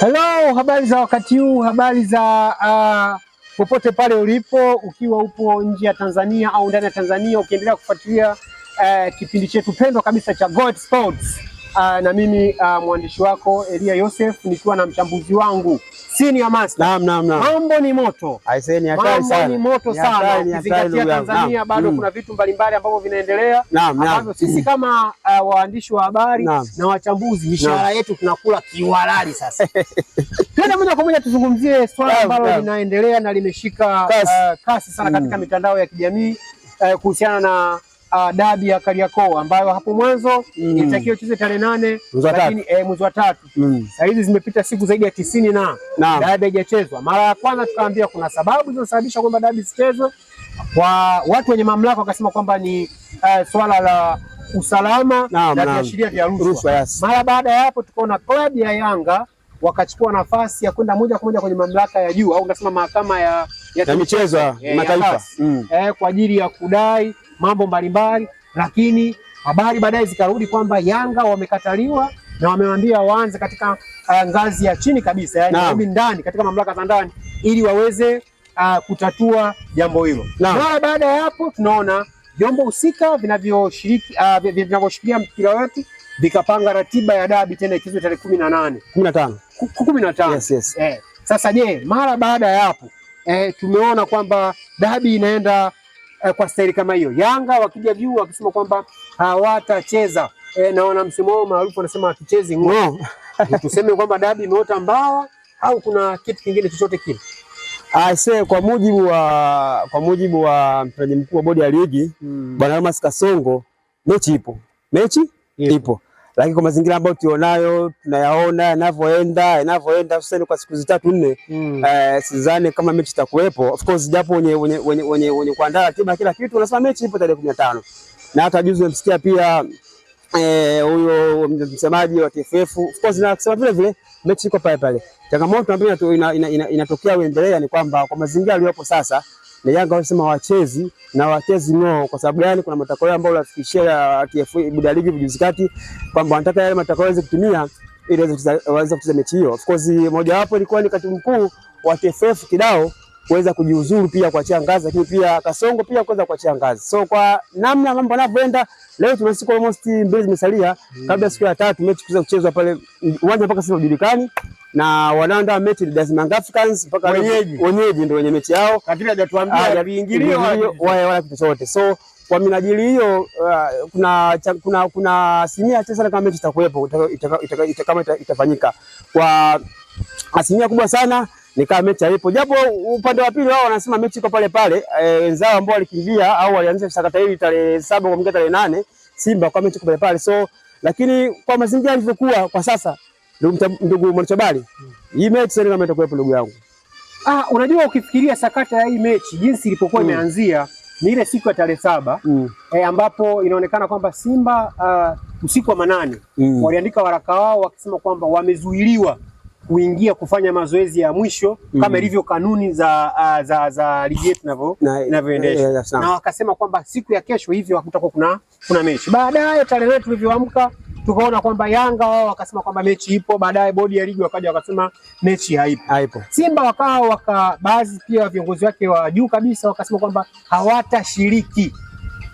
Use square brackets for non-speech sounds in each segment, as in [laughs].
Hello, habari za wakati huu, habari za ah, popote uh, pale ulipo, ukiwa upo nje ya Tanzania au ndani ya Tanzania, ukiendelea kufuatilia uh, kipindi chetu pendwa kabisa cha God Sports. Uh, na mimi uh, mwandishi wako Elia Yosef nikiwa na mchambuzi wangu senior master. Naam, naam, naam. Mambo ni moto. Aisee, ni hatari sana. Mambo ni moto sana. Ukizingatia Tanzania bado mm. kuna vitu mbalimbali ambavyo vinaendelea ambavyo sisi kama uh, waandishi wa habari na wachambuzi mishahara yetu tunakula kiwalali sasa. [laughs] Twende moja kwa moja tuzungumzie swala ambalo linaendelea na limeshika kasi, uh, kasi sana katika mm. mitandao ya kijamii uh, kuhusiana na uh, dabi ya Kariakoo ambayo hapo mwanzo mm. ilitakiwa icheze tarehe nane lakini eh, mwezi wa tatu mm. saa hizi zimepita siku zaidi ya tisini na dabi haijachezwa. Mara ya kwanza tukaambia kuna sababu zinazosababisha kwamba dabi sichezwe, kwa watu wenye mamlaka wakasema kwamba ni uh, swala la usalama na viashiria vya rushwa. Yes. Mara baada ya hapo tukaona klabu ya Yanga wakachukua nafasi ya kwenda moja kwa moja kwenye mamlaka ya juu au unasema mahakama ya, ya, ya michezo ya, eh, ya mataifa ya mm. eh, kwa ajili ya kudai mambo mbalimbali, lakini habari baadaye zikarudi kwamba Yanga wamekataliwa na wamewambia waanze katika uh, ngazi ya chini kabisa, yani ndani katika mamlaka za ndani ili waweze uh, kutatua jambo hilo. Mara baada ya hapo tunaona vyombo husika vinavyoshiriki uh, vinavyoshikilia mpira wetu vikapanga ratiba ya dabi tena ikizo tarehe kumi na nane kumi na tano kumi na tano yes, yes. Eh, sasa je, mara baada ya hapo eh, tumeona kwamba dabi inaenda eh, kwa staili kama hiyo. Yanga wakija juu wakisema kwamba hawatacheza eh, na wana wao maarufu wanasema hatuchezi ng'oo. [laughs] Tuseme kwamba dabi imeota mbawa au kuna kitu kingine chochote kile? Aise, kwa mujibu wa kwa mujibu wa mtendaji mkuu wa bodi ya ligi hmm, Bwana Almas Kasongo, mechi ipo, mechi ipo, ipo lakini kwa mazingira ambayo tulionayo tunayaona yanavyoenda yanavyoenda hususan kwa siku zitatu nne, mm. eh, sidhani kama mechi itakuwepo. Of course japo wenye wenye wenye, wenye, wenye kuandaa ratiba kila kitu wanasema mechi ipo tarehe 15 na hata juzi nimesikia pia eh, huyo eh, msemaji wa TFF of course na vile vile mechi iko pale pale. Changamoto ambayo inatokea ina, ina, ina, ina Uendelea ni kwamba kwa mazingira aliyopo sasa na Yanga wanasema wachezi na wachezi ng'oo. Kwa sababu gani? Kuna matokeo ambayo unafikishia ya TFF Buda League vijuzi kati kwamba wanataka yale matokeo yaweze kutumia ili waweze kucheza mechi hiyo. Of course moja wapo ilikuwa ni katibu mkuu wa TFF Kidao kuweza kujiuzuru pia kuachia ngazi, lakini pia Kasongo pia kuweza kuachia ngazi. So kwa namna mambo yanavyoenda leo, tuna siku almost mbili zimesalia hmm. kabla siku ya tatu mechi kuweza kuchezwa pale uwanja mpaka sasa haujulikani na wanaanda mechi ni Dar Africans mpaka wenyeji wenyeji ndio wenye mechi yao, lakini hajatuambia ya ah, viingilio wala kitu chochote. So kwa minajili hiyo uh, kuna kuna kuna asilimia chache sana kama mechi itakuwepo kama itafanyika kwa asilimia kubwa sana ni kama mechi haipo, japo upande wa pili wao wanasema mechi iko pale pale. Eh, wenzao ambao walikimbia au walianza sakata hili tarehe saba kwa mgeta tarehe nane Simba kwa mechi iko pale pale. So lakini kwa mazingira yalivyokuwa kwa sasa ndugu Mwanachabali, hii mechi sasa kama itakuwepo ndugu yangu. Ah, unajua ukifikiria sakata ya hii mechi jinsi ilipokuwa mm. imeanzia ni ile siku ya tarehe saba mm. eh, ambapo inaonekana kwamba Simba uh, usiku wa manane mm. waliandika waraka wao wakisema kwamba wamezuiliwa kuingia kufanya mazoezi ya mwisho mm. kama ilivyo kanuni za uh, za za ligi yetu inavyoendeshwa, eh, eh, eh, na wakasema kwamba siku ya kesho hivyo hakutakuwa kuna kuna mechi. Baadaye tarehe tulivyoamka tukaona kwamba Yanga wao wakasema kwamba mechi ipo, baadaye bodi ya ligi wakaja wakasema mechi haipo. Haipo. Simba wakao waka baadhi pia viongozi wake wa juu kabisa wakasema kwamba hawatashiriki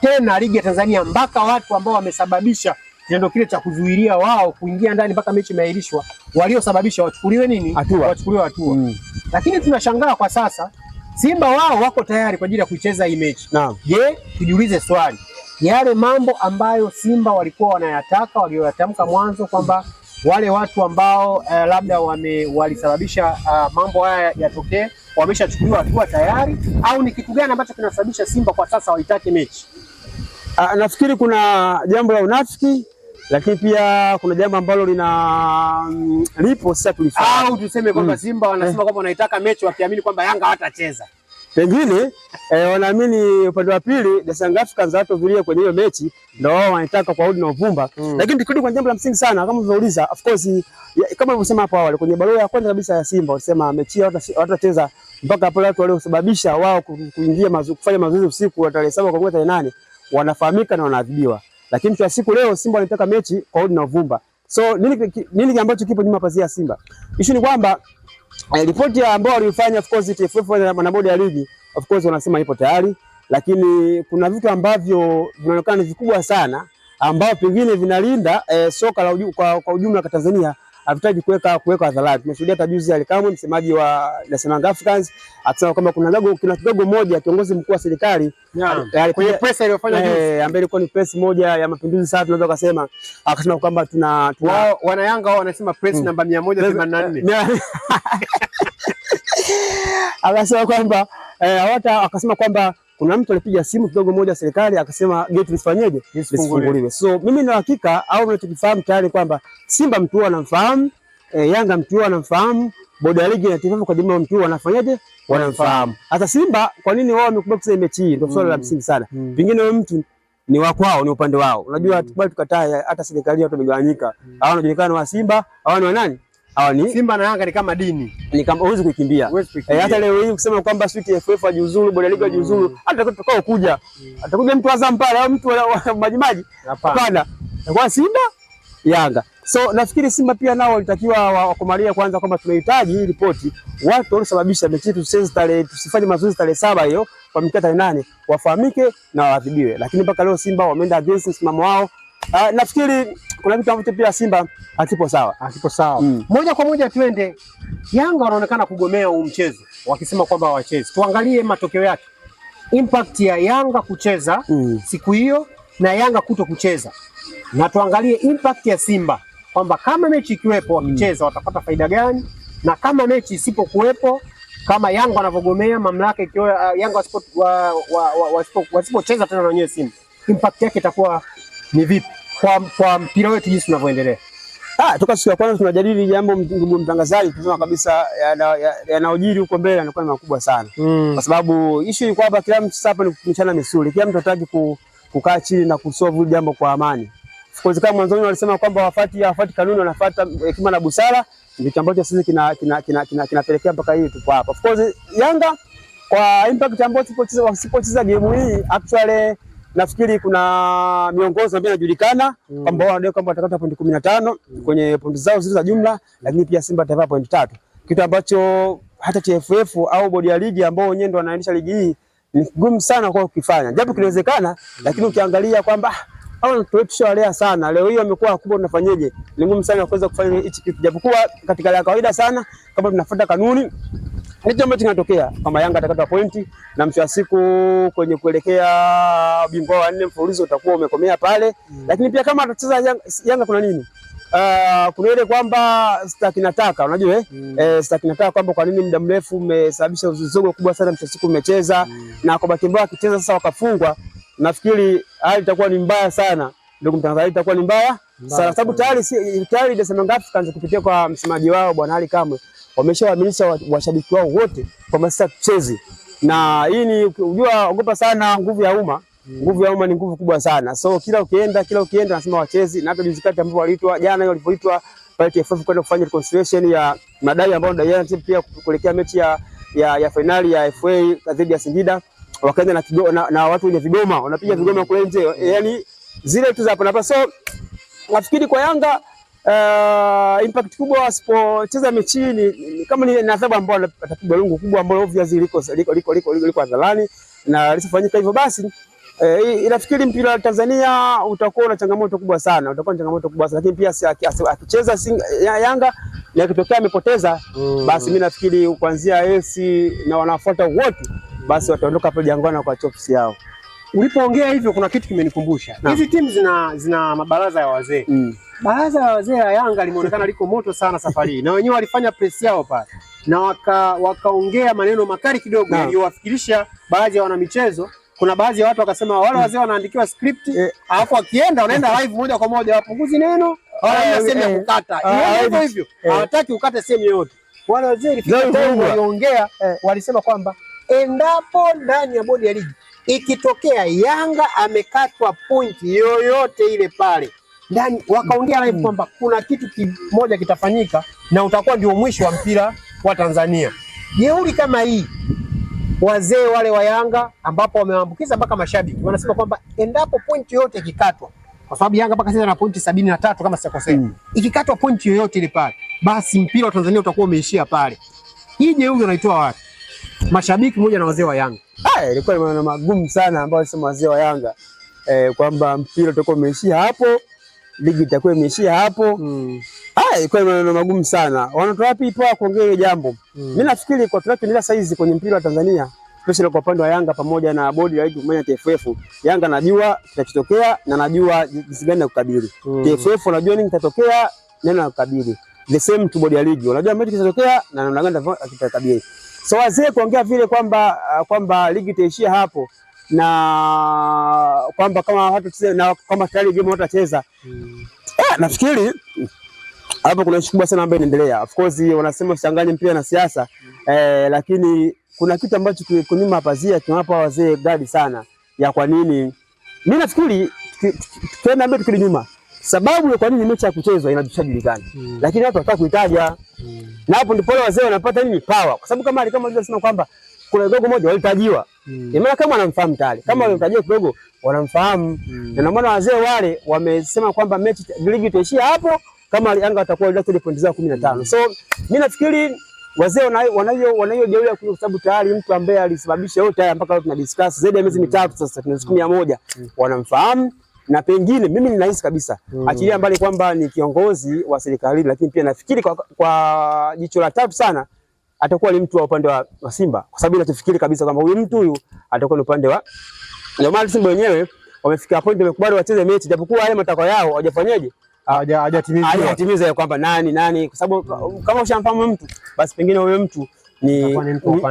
tena ligi ya Tanzania mpaka watu ambao wamesababisha kitendo kile cha kuzuilia wao kuingia ndani mpaka mechi imeahirishwa, waliosababisha wachukuliwe nini? Hatua. Wachukuliwe hatua. Mm. Lakini tunashangaa kwa sasa Simba wao wako tayari kwa ajili ya kuicheza hii mechi. Naam. Je, tujiulize swali yale mambo ambayo Simba walikuwa wanayataka walioyatamka mwanzo kwamba wale watu ambao uh, labda wame, walisababisha uh, mambo haya yatokee wameshachukuliwa hatua tayari, au ni kitu gani ambacho kinasababisha Simba kwa sasa waitake mechi? Uh, nafikiri kuna jambo la unafiki lakini pia kuna jambo ambalo lina mm, lipo sasa tulifahamu, au tuseme kwamba mm. Simba wanasema eh. kwamba wanaitaka mechi wakiamini kwamba Yanga hatacheza. Pengine e, wanaamini upande wa pili the South Africans hawatovilia kwenye hiyo mechi, ndio wao wanataka kwa udi na uvumba mm. Lakini tukirudi kwa jambo la msingi sana, kama ulivyouliza, of course ya, kama ulivyosema hapo awali kwenye barua ya kwanza kabisa ya Simba walisema mechi hawatacheza mpaka hapo watu waliosababisha wao kuingia mazu, kufanya mazoezi usiku wa tarehe 7 kwa kwa tarehe 8 wanafahamika na wanaadhibiwa, lakini kwa siku leo Simba wanataka mechi kwa udi na uvumba. So nini nini ambacho kipo nyuma pazia Simba, issue ni kwamba Eh, ripoti ambao walifanya of course TFF na bodi ya ligi of course wanasema ipo tayari, lakini kuna vitu ambavyo vinaonekana ni vikubwa sana ambao pengine vinalinda eh, soka la uju, kwa, kwa ujumla kwa Tanzania hatutaki kuweka kuweka hadharani. Tumeshuhudia hata juzi Alikamwe, msemaji wa National Young Africans, akisema kwamba kuna gago kuna kidogo moja kiongozi mkuu wa serikali kwenye press iliyofanya eh, juzi, eh, ambaye ilikuwa ni press moja ya mapinduzi. Sasa tunaweza kusema, akasema kwamba tuna tuna wao wana Yanga wao wanasema press hmm. namba 184 [laughs] akasema kwamba eh, hawata eh, akasema kwamba kuna mtu alipiga simu kidogo moja serikali akasema geti lisifanyeje, lisifunguliwe. So mimi na hakika au mimi tukifahamu tayari kwamba Simba mtu anamfahamu e, Yanga mtu anamfahamu, bodi ya ligi na TFF kwa jumla mtu anafanyaje wanamfahamu. Hata Simba kwa nini wao wamekubali kusema mechi hii, ndio swali la mm. msingi sana. Mm. Pengine wewe mtu ni wa kwao, ni upande wao. Unajua mm. tukubali tukataa, hata serikali watu wamegawanyika, hawa wanajulikana wa Simba, hawa ni wa nani Hawa ni Simba na Yanga ni kama dini. Ni kama huwezi kukimbia. Eh, hata leo hii ukisema kwamba sio TFF hajiuzuru, Bodi ya Ligi hajiuzuru, mm. hata tutakao kuja. Mm. Atakuja mtu Azam pale au mtu wa maji maji. Hapana. Kwa Simba Yanga. So nafikiri Simba pia nao walitakiwa wakomalia kwanza kwamba tunahitaji hii ripoti. Watu waliosababisha mechi yetu tarehe tusifanye mazoezi tarehe saba hiyo kwa mikia tarehe nane wafahamike na waadhibiwe. Lakini mpaka leo Simba wameenda against msimamo wao Uh, nafikiri kuna vitu ambavyo pia Simba hatipo sawa, hatipo sawa mm. Moja kwa moja tuende Yanga, wanaonekana kugomea huu mchezo wakisema kwamba hawachezi. Tuangalie matokeo yake, impact ya Yanga kucheza mm. siku hiyo na Yanga kuto kucheza, na tuangalie impact ya Simba kwamba kama mechi ikiwepo mm. wakicheza mm. watapata faida gani, na kama mechi isipokuwepo kama Yanga wanavyogomea mamlaka ikiwa uh, Yanga wasipocheza wa, wa, wa, wa, wa, wa, wa, wa, tena na wenyewe Simba impact yake itakuwa ni vipi kwa, kwa mpira wetu jinsi tunavyoendelea? Ah, toka siku ya kwanza tunajadili jambo, ndugu mtangazaji, tunasema kabisa yanayojiri ya, ya huko mbele yanakuwa ni makubwa sana mm. kwa sababu issue ni kwamba kila mtu sasa hapa ni kuchana misuli, kila mtu anataka ku, kukaa chini na kusolve jambo kwa amani. Kama mwanzoni walisema kwamba wafati wafati kanuni, wanafuata hekima na busara, ndicho ambacho sisi kinapelekea kina, kina, kina mpaka hii tupo hapa. Of course Yanga kwa impact ambayo tupo tusipocheza game hii actually nafikiri kuna miongozo ambayo inajulikana mm. kwamba wao wanadai kwamba watakata pointi kumi na tano mm. kwenye pointi zao zilizo za jumla, lakini pia Simba atavaa pointi tatu, kitu ambacho hata TFF au bodi ya ligi ambao wenyewe ndio wanaendesha ligi hii ni ngumu sana kwa kukifanya, japo mm. kinawezekana mm. lakini ukiangalia kwamba au ah, tushawalea sana, leo hii wamekuwa wakubwa, tunafanyeje? Ni ngumu sana kuweza kufanya hichi kitu, japokuwa katika la kawaida sana kama tunafuata kanuni ndicho ambacho kinatokea kama Yanga atakata pointi, na mwisho wa siku kwenye kuelekea bingwa wa nne mfululizo utakuwa umekomea pale mm. Lakini pia kama atacheza Yanga, Yanga kuna nini uh, kuna ile kwamba staki nataka unajua eh? Mm. Eh, staki nataka kwamba kwa nini muda mrefu umesababisha uzizogo kubwa sana, mchezo siku umecheza mm. na kwa bahati mbaya akicheza sasa wakafungwa, nafikiri hali itakuwa ni mbaya sana, ndugu mtangazaji, itakuwa ni mbaya sana sababu tayari tayari Desemba ngapi kaanza kupitia kwa msemaji wao bwana Ali Kamwe wameshawaaminisha washabiki wao wote kwamba sasa tucheze, na hii ni unajua, ogopa sana nguvu ya umma. Nguvu ya umma ni nguvu kubwa sana, so kila ukienda kila ukienda nasema wachezi, na hata juzi kati ambao waliitwa jana, walipoitwa pale TFF kwenda kufanya reconciliation ya madai ambayo ndio timu pia kuelekea mechi ya ya, ya finali ya FA dhidi ya Singida wakaenda na, na, na watu wenye vigoma wanapiga mm. vigoma kule nje, yani zile tu za hapa na hapa. So nafikiri kwa Yanga uh, impact kubwa wasipocheza mechi hii kama ni adhabu ambayo atapigwa lungu kubwa ambalo obviously liko liko liko liko liko hadharani, na lisifanyika hivyo basi eh, inafikiri mpira wa Tanzania utakuwa na changamoto kubwa sana, utakuwa na changamoto kubwa sana lakini pia akicheza Yanga na kitokea amepoteza mm, basi mimi nafikiri kuanzia AFC na wanafuata wote basi wataondoka hapo Jangwani kwa chops yao. Ulipoongea hivyo kuna kitu kimenikumbusha hizi timu zina, zina mabaraza ya wazee mm. Baraza la wazee la Yanga limeonekana liko moto sana safari hii, na wenyewe walifanya press yao pale na wakaongea waka maneno makali kidogo yaliyowafikirisha baadhi ya wanamichezo. Kuna baadhi ya watu wakasema wale wazee wanaandikiwa script, eh. alafu wakienda wanaenda [laughs] live moja kwa moja, wapunguzi neno wala ah, sehemu ya eh. kukata, ah, hivyo eh. hivyo hawataki ukate sehemu yoyote. Wale wazee waliongea, walisema kwamba endapo ndani ya bodi ya ligi ikitokea Yanga amekatwa pointi yoyote ile pale ndani wakaongea live mm. kwamba kuna kitu kimoja kitafanyika na utakuwa ndio mwisho wa mpira wa Tanzania. Jeuri kama hii, wazee wale wa Yanga ambapo wamewaambukiza mpaka mashabiki wanasema mm. kwamba endapo pointi yote ikikatwa, kwa sababu Yanga mpaka sasa na pointi sabini na tatu kama sikosea, mm. ikikatwa pointi yoyote ile pale, basi mpira wa Tanzania utakuwa umeishia pale. Hii jeuri wanaitoa wapi? Mashabiki moja na wazee wa Yanga. Haya, ah, ilikuwa ni maneno magumu sana ambayo walisema wazee wa Yanga eh, kwamba mpira utakuwa umeishia hapo ligi itakuwa imeishia hapo. Mm. Haya, ilikuwa ni maneno magumu sana. Wanatoa wapi ipo kuongea hilo jambo? Mm. Mimi nafikiri kwa tunachoendelea sasa hizi kwenye mpira wa Tanzania, especially kwa upande wa Yanga pamoja na bodi ya ligi ya TFF, Yanga najua kitakitokea na najua jinsi gani ya kukabili. Mm. TFF najua nini kitatokea neno ya kukabili. The same to bodi ya ligi. Unajua mechi kitatokea na namna gani atakabili. So wazee kuongea vile kwamba ah, kwamba ligi itaishia hapo na kwamba kama watu na kama tayari game watu wacheza mm. Eh, nafikiri hapo kuna ishu kubwa sana ambayo inaendelea. Of course wanasema usichanganye mpira na siasa mm. Eh, lakini kuna kitu ambacho kunyuma pazia kinawapa wazee gadi sana ya kwa nini. Mimi nafikiri tukienda mbele tukirudi nyuma, sababu ya kwa nini mechi ya kuchezwa inajishajulikana mm. lakini watu wataka kuitaja mm. na hapo ndipo wazee wanapata nini power, kwa sababu kama alikama alisema kwamba kuna dogo moja walitajiwa Mm. Maana kama wanamfahamu tayari kama mm. mm. kidogo wanamfahamu mm. na maana wazee wale wamesema kwamba mechi ligi itaishia hapo kama Yanga atakuwa watakuwa deducted pointi zao 15. Mm. So mimi nafikiri wazee wanayo wanayo jeuri ya kwa sababu tayari mtu ambaye alisababisha yote haya mpaka tuna discuss zaidi ya miezi mm. mitatu sasa, tuna siku 100 mm. wanamfahamu na pengine mimi ninahisi kabisa mm. achilia mbali kwamba ni kiongozi wa serikali, lakini pia nafikiri kwa, kwa jicho la tatu sana atakuwa ni mtu wa upande wa, wa Simba kwa sababu inachofikiri kabisa kwamba huyu mtu huyu atakuwa ni upande wa. Ndio maana Simba wenyewe wamefikia point wamekubali wacheze mechi japokuwa yale matakwa yao hawajafanyaje, hawajatimiza hawajatimiza kwamba nani nani, kwa sababu mm. kama ushamfahamu mtu basi pengine huyo mtu ni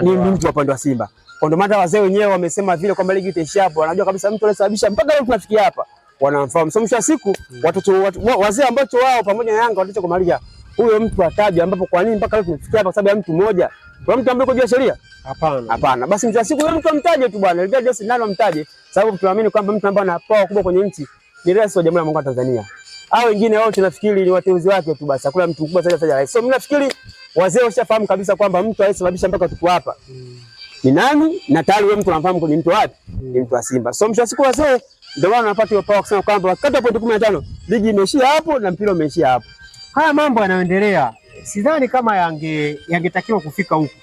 ni mtu wa upande wa Simba. Kwa ndio maana wazee wenyewe wamesema vile kwamba ligi itaisha hapo, wanajua kabisa mtu anasababisha mpaka leo tunafikia hapa, wanamfahamu. sasa mwisho wa siku watoto wazee ambao wao pamoja na Yanga watacho kumaliza huyo mtu atajwa, ambapo kwa nini mpaka leo tumefikia hapa? sababu ya mtu mmoja. kwa mtu ambaye kujua sheria? Hapana, hapana. Basi mtu siku huyo mtu amtaje tu bwana, ile jesi nalo amtaje, sababu tunaamini kwamba mtu ambaye ana power kubwa kwenye nchi ni rais wa Jamhuri ya Muungano wa Tanzania. Hao wengine wao tunafikiri ni wateuzi wake tu basi, hakuna mtu mkubwa zaidi ya rais. So mimi nafikiri wazee washafahamu kabisa kwamba mtu aliyesababisha mpaka tuko hapa ni nani, na tayari wewe mtu unafahamu ni mtu wapi, ni mtu wa Simba. So siku wazee ndio maana wanapata hiyo power kusema kwamba wakati wa pointi 15 ligi imeishia hapo na mpira umeishia hapo haya mambo yanayoendelea sidhani kama yange yangetakiwa kufika huku,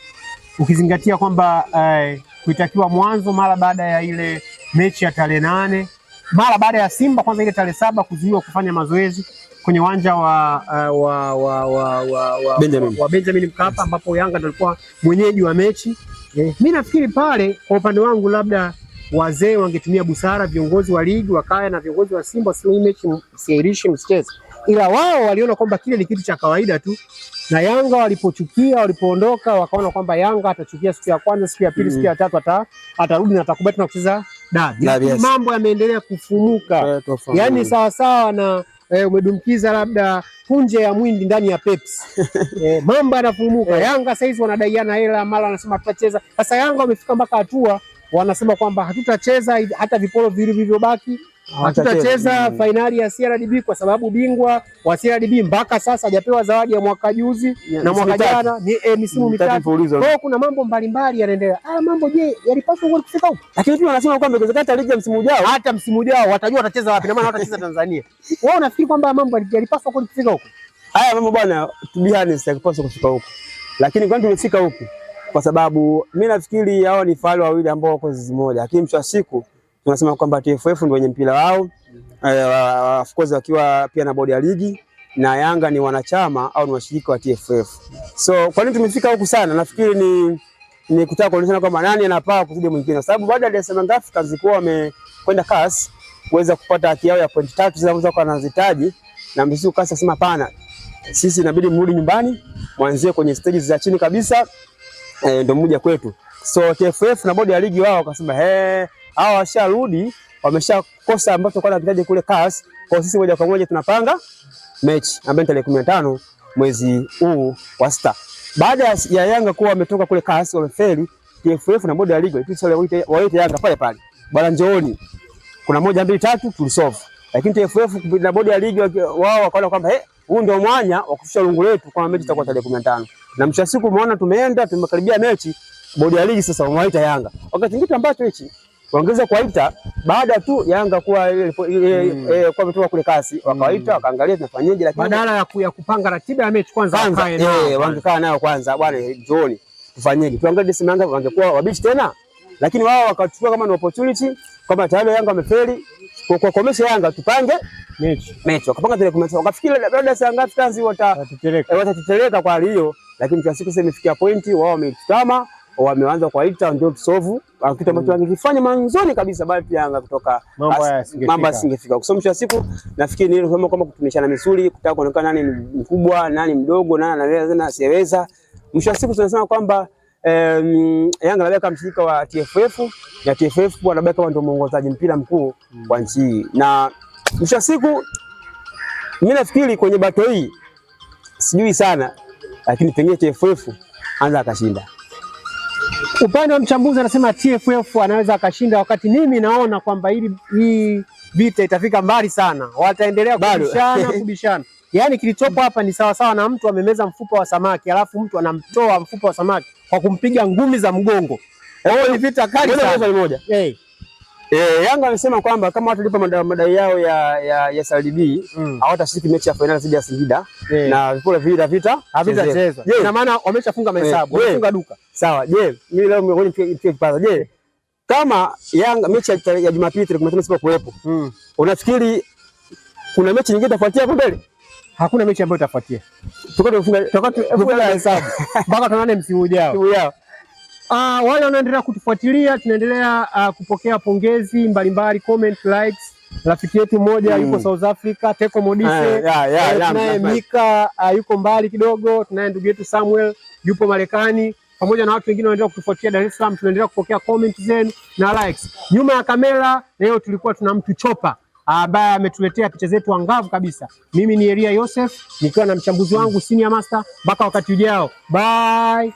ukizingatia kwamba eh, kuitakiwa mwanzo mara baada ya ile mechi ya tarehe nane mara baada ya Simba kwanza ile tarehe saba kuzuiwa kufanya mazoezi kwenye uwanja wa, uh, wa, wa, wa, wa, wa, Benjamin, wa Benjamin Mkapa ambapo Yanga ndio alikuwa mwenyeji wa mechi eh. Mi nafikiri pale kwa upande wangu labda wazee wangetumia busara, viongozi wa ligi wakaya na viongozi wa Simba, sio hii mechi msiairishe, msicheze ila wao waliona kwamba kile ni kitu cha kawaida tu, na Yanga walipochukia, walipoondoka wakaona kwamba Yanga atachukia siku ya kwanza, siku ya pili, mm. siku ya mm-hmm. tatu ata, atarudi na atakubali na kucheza dabi. Yaani yes. Mambo yameendelea kufumuka, yaani sawa sawa na eh, umedumkiza labda punje ya mwindi ndani ya Pepsi. [laughs] Eh, mambo yanafumuka yeah. Yanga sasa hivi wanadaiana hela, mara wanasema tutacheza. Sasa Yanga wamefika mpaka hatua wanasema kwamba hatutacheza hata viporo vilivyobaki Ah, hatutacheza fainali ya CRDB kwa sababu bingwa wa CRDB mpaka sasa hajapewa zawadi ya mwaka juzi yeah, na mwaka jana ni eh, misimu mitatu. Kwa hiyo kuna mambo mbalimbali yanaendelea. Ah, mambo je, yalipaswa kwa kufika huko? Lakini pia wanasema kwamba ingezekana ligi ya msimu ujao, hata msimu ujao watajua watacheza wapi, na maana watacheza [laughs] Tanzania. Wewe unafikiri kwamba mambo yalipaswa kwa kufika huko? Haya mambo bwana, to be honest, yalipaswa kufika huko, lakini kwani tumefika huko? Kwa sababu mimi nafikiri hao ni fahali wawili ambao wako zizi moja, lakini mwisho wa siku tunasema kwamba TFF ndio wenye mpira wao uh, of course wakiwa pia na bodi ya ligi na Yanga ni wanachama au ni washirika wa TFF. So kwa nini tumefika huku sana? Nafikiri ni ni kutaka kuonyeshana kwamba nani anapaa kuzidi mwingine, kwa sababu baada ya Dar es South Africans kuwa wamekwenda CAS kuweza kupata haki yao ya pointi tatu zile ambazo kwa anazitaji na Mbisu CAS asema pana. sisi inabidi mrudi nyumbani, mwanzie kwenye stages za chini kabisa, eh, ndio mmoja kwetu. So TFF na bodi ya ligi wao wakasema hey hawa washarudi, wameshakosa ambacho kwa tunahitaji kule CAS. Kwa sisi moja kwa moja tunapanga mechi ambayo tarehe 15 mwezi huu wa sita, baada ya Yanga kuwa wametoka kule CAS wamefeli, TFF na bodi ya ligi waite Yanga pale pale, bwana, njooni, kuna moja mbili tatu tulisolve, lakini TFF na bodi ya ligi wao wakaona kwamba eh, huu ndio mwanya wa kufisha lungu letu kwa mechi itakuwa tarehe 15 na mshasiku umeona tumeenda tumekaribia mechi, bodi ya ligi sasa wamewaita Yanga wakati okay, kitu ambacho hichi Kuongeza kuwaita baada tu Yanga kuwa mm. eh, kwa mtu kule kasi, wakawaita mm. wakaangalia tunafanyaje, lakini badala ya kupanga ratiba ya mechi kwanza wakae eh, wangekaa nayo kwanza, bwana, eh, jioni tufanyeje, tuangalie desi Yanga wangekuwa wabishi tena, lakini wao wakachukua kama ni opportunity kwamba tayari Yanga wamefeli, kuwakomesha Yanga tupange mechi mechi, wakapanga zile kumi wakafikiri labda saa ngapi kazi watatuteleka kwa hali hiyo, lakini kiasi siku sasa imefikia pointi wao wameitama wameanza kuwaita ndio tusovu ah, kitu mm. ambacho angekifanya mwanzoni kabisa bali pia anga kutoka mambo asingefika. Kwa sababu siku nafikiri nilo kama kama kutumishana misuli, kutaka kuonekana nani mkubwa, nani mdogo, nani anaweza na asiweza. Mwisho wa siku tunasema kwamba Um, Yanga labda kama mshirika wa TFF na TFF kwa labda kama ndio mwongozaji mpira mkuu mm. wa nchi na mwisho wa siku mimi nafikiri kwenye bato hii sijui sana, lakini pengine TFF anza akashinda. Upande wa mchambuzi anasema TFF anaweza akashinda, wakati mimi naona kwamba hili hii vita itafika mbali sana, wataendelea kubishana [laughs] kubishana. Yaani kilichopo hapa ni sawasawa na mtu amemeza mfupa wa samaki, alafu mtu anamtoa mfupa wa samaki kwa kumpiga ngumi za mgongo. Ni vita kali sana. Moja. Hey. Eh. E, Yanga amesema kwamba kama watu walipa madai yao ya ya, ya SRB mm. hawatashiriki mechi ya fainali dhidi ya Singida yeah. na vipole vile vita havitachezwa. Yeah. Ina maana wameshafunga eh, mahesabu, yeah. wamefunga duka. Sawa. Je, mimi leo mimi nipige kipaza. Je, kama Yanga mechi ya, ya Jumapili tarehe 15 sipo kuwepo. Mm. Unafikiri kuna mechi nyingine itafuatia hapo mbele? Hakuna mechi ambayo itafuatia. Tukao tufunga tukao tufunga hesabu. [laughs] Mpaka tunaone msimu ujao. Msimu ujao. Uh, wale wanaoendelea kutufuatilia tunaendelea uh, kupokea pongezi mbalimbali comment likes. Rafiki yetu mmoja mm. yuko South Africa Teko Modise yeah, yeah, yeah, tunaye yeah, Mika uh, yuko mbali kidogo, tunaye ndugu yetu Samuel yupo Marekani pamoja na watu wengine wanaendelea kutufuatilia Dar es Salaam. Tunaendelea kupokea comment zenu na likes. Nyuma ya kamera leo tulikuwa tuna mtu chopa ambaye ametuletea picha zetu angavu kabisa. Mimi ni Elia Yosef nikiwa na mchambuzi wangu Senior Master. Mpaka wakati ujao, bye.